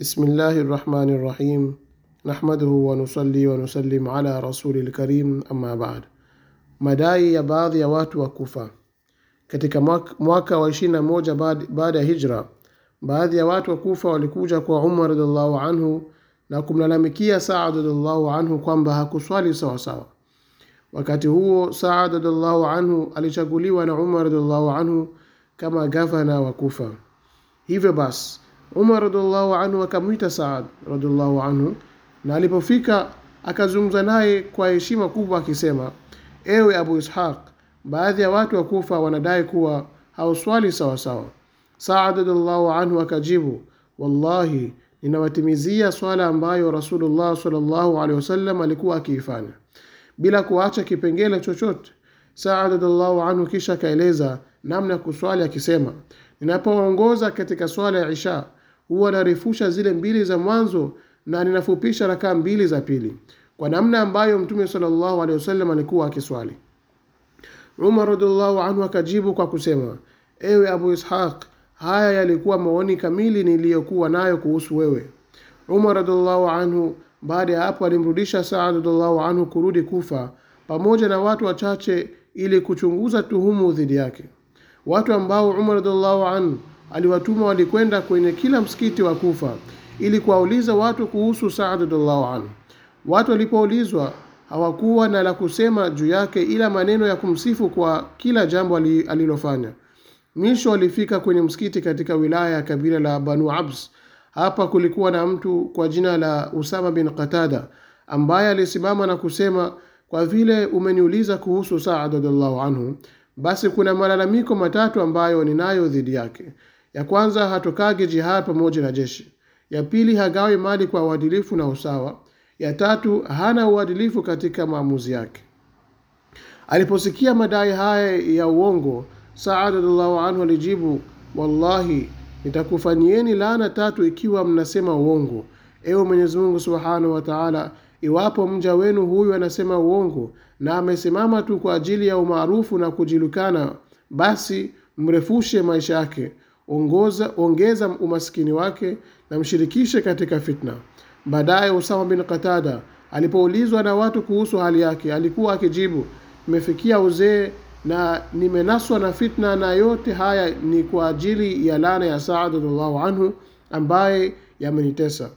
بسم rahmani الرحمن nahmaduhu wanusali wanusalim ala rasuli lkarim amma baad. Madai ya baadhi ya watu wa Kufa. Katika mwaka wa ishirini na moja baada ya hijra, baadhi ya watu wa Kufa walikuja kwa Umar radhiallahu anhu na kumlalamikia Saad radhiallahu anhu kwamba hakuswali sawasawa. Wakati huo Saad radhiallahu anhu alichaguliwa na Umar radhiallahu anhu kama gavana wa Kufa. Hivyo basi Umar radhiallahu anhu akamwita Saad radhiallahu anhu, na alipofika akazungumza naye kwa heshima kubwa akisema, ewe Abu Ishaq, baadhi ya watu wa Kufa wanadai kuwa hauswali sawa sawa. Saad radhiallahu anhu akajibu, wallahi ninawatimizia swala ambayo Rasulullah sallallahu alaihi wasallam alikuwa akiifanya bila kuacha kipengele chochote. Saad radhiallahu anhu kisha akaeleza namna ya kuswali akisema, ninapoongoza katika swala ya Isha huwa narefusha zile mbili za mwanzo na ninafupisha rakaa mbili za pili kwa namna ambayo mtume sallallahu alaihi wasallam alikuwa akiswali umar radhiallahu anhu akajibu kwa kusema ewe abu ishaq haya yalikuwa maoni kamili niliyokuwa nayo kuhusu wewe umar radhiallahu anhu baada ya hapo alimrudisha saad radhiallahu anhu kurudi kufa pamoja na watu wachache ili kuchunguza tuhumu dhidi yake watu ambao umar radhiallahu anhu aliwatuma walikwenda kwenye kila msikiti wa Kufa ili kuwauliza watu kuhusu Saad radhiallahu anhu. Watu walipoulizwa hawakuwa na la kusema juu yake ila maneno ya kumsifu kwa kila jambo alilofanya. Mwisho walifika kwenye msikiti katika wilaya ya kabila la Banu Abs. Hapa kulikuwa na mtu kwa jina la Usama bin Qatada ambaye alisimama na kusema, kwa vile umeniuliza kuhusu Saad radhiallahu anhu, basi kuna malalamiko matatu ambayo ninayo dhidi yake. Ya kwanza, hatokage jihad pamoja na jeshi. Ya pili, hagawi mali kwa uadilifu na usawa. Ya tatu, hana uadilifu katika maamuzi yake. Aliposikia madai haya ya uongo, Saad radhiallahu anhu alijibu, wallahi nitakufanyieni laana tatu ikiwa mnasema uongo. Ewe Mwenyezi Mungu subhanahu wa taala, iwapo mja wenu huyu anasema uongo na amesimama tu kwa ajili ya umaarufu na kujulikana, basi mrefushe maisha yake ongoza, ongeza umaskini wake na mshirikishe katika fitna. Baadaye Usama bin Qatada alipoulizwa na watu kuhusu hali yake, alikuwa akijibu, nimefikia uzee na nimenaswa na fitna, na yote haya ni kwa ajili ya laana ya Saad radhiallahu anhu ambaye yamenitesa.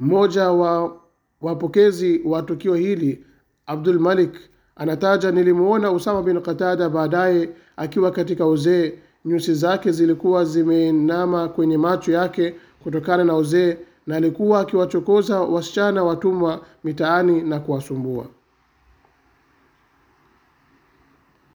Mmoja wa wapokezi wa tukio hili Abdul Malik anataja, nilimuona Usama bin Qatada baadaye akiwa katika uzee nyusi zake zilikuwa zimeinama kwenye macho yake kutokana na uzee, na alikuwa akiwachokoza wasichana watumwa mitaani na kuwasumbua.